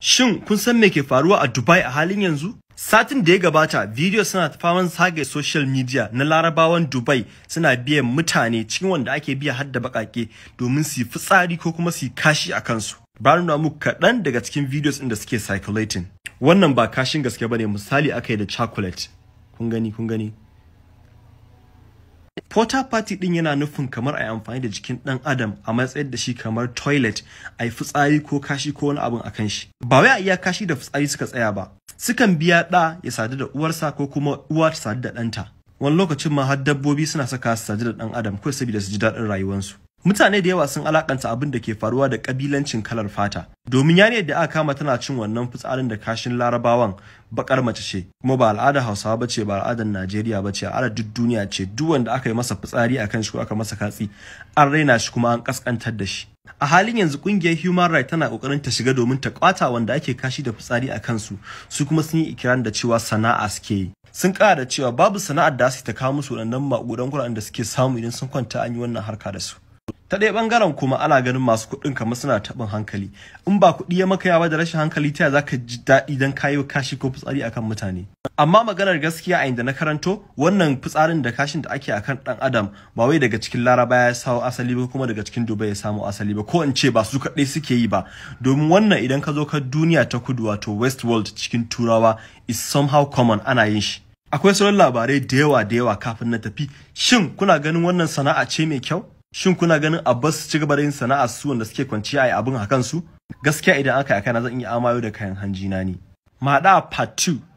Shin kun san me ke faruwa a Dubai a halin yanzu? Satin da ya gabata, video suna faman sage social media na larabawan Dubai suna biyan mutane cikin wanda ake biya har da bakake domin su yi fitsari ko kuma su yi kashi a kansu. Bari na muku kaɗan daga cikin videos ɗin da suke circulating. Wannan ba kashin gaske bane misali aka yi da chocolate. Kun gani, kun gani. Porta party din yana nufin kamar a yi amfani da jikin ɗan adam a matsayin da shi kamar toilet a yi fitsari ko kashi ko wani abin akan shi. Ba wai a iya kashi da fitsari suka tsaya ba. Sukan biya ɗa ya sadu da uwarsa ko kuma uwa ta sadu da ɗanta. Wani lokacin ma har dabbobi suna saka su sadu da ɗan adam ko saboda su ji daɗin rayuwarsu. Mutane da yawa sun alakanta abin da ke faruwa da kabilancin kalar fata. Domin ne da aka kama tana cin wannan fitsarin da kashin Larabawan bakar mace ce, kuma ba al'ada Hausawa bace ba al'adar Najeriya bace, al'adar duk duniya ce. Duk wanda aka yi masa fitsari akan shi ko aka masa katsi, an raina shi kuma an kaskantar da shi. A halin yanzu kungiyar Human Rights tana kokarin ta shiga domin ta kwata wanda ake kashi da fitsari a kansu, su kuma sun yi ikirarin da cewa sana'a suke yi. sun kara cewa babu sana'ar da su ta kawo musu waɗannan maƙudan kuran da suke samu idan sun kwanta an yi wannan harka da su ta ɗaya ɓangaren kuma ana ganin masu kuɗin kamar suna taɓin hankali in ba kuɗi ya maka yawa da rashin hankali ta za ka ji daɗi don kayi kashi ko fitsari akan mutane amma maganar gaskiya a inda na karanto wannan fitsarin da kashin da ake akan ɗan adam ba wai daga cikin laraba ya samu asali ba kuma daga cikin dubai ya samu asali ba ko in ce ba su kaɗai suke yi ba domin wannan idan ka zo ka duniya ta kudu wato west world cikin turawa is somehow common ana yin shi akwai sauran labarai da yawa da yawa kafin na tafi shin kuna ganin wannan sana'a ce mai kyau shin kuna ganin Abbas su ci gaba da yin sana'ar su wanda suke kwanciya a abin hakan su gaskiya idan aka yi kana zan iya amayo da kayan hanji na ne Mada part 2